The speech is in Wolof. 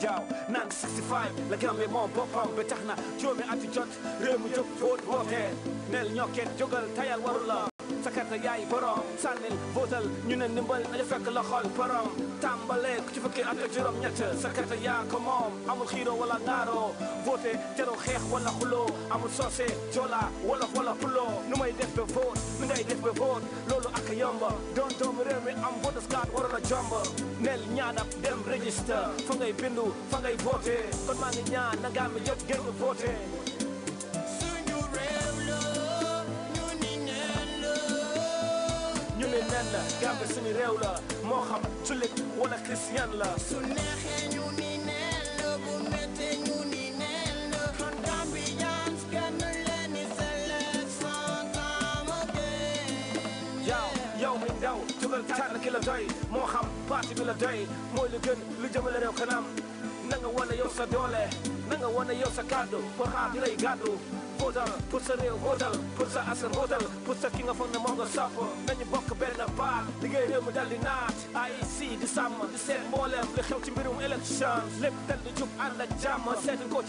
jaaw naan 65 la Gambie moom boppam ba tax na juróomi ati jot réew mi jóg vote woote nel ñokket jógal tayal waru la sakarta yaay borom sànnil votal ñu ne ndimbal nañu fekk la xol borom tàmbalee ku ci fukki at ak juróom ñett sakarta yaa ko moom amul xiiro wala ngaaro vote tero xeex wala xuloo amul soose jola wala wala puloo ngay def ba vote loolu ak yomba doon doomu réew mi am voters a waroon a jomba nel ñaanab dem register fa ngay bindu fa ngay voté kon maa ngi ñaan na ngaa mi jot génn voté ñu ne nen la Gambie suñu réew la moo xam jullit wala christian la ki la doy moo xam parti bi la doy mooy lu gën lu jëmale réew kanam na nga wane yow sa doole na nga wane yow sa kàddu ba xaar di lay gàddu xóotal pour sa réew xóotal ne moo nga sàpp bokk benn baat liggéey réew mi dal di naat AIC di sàmm di seet mbooleem li xew ci mbirum élection lépp dal jub ànd ak jàmm seeti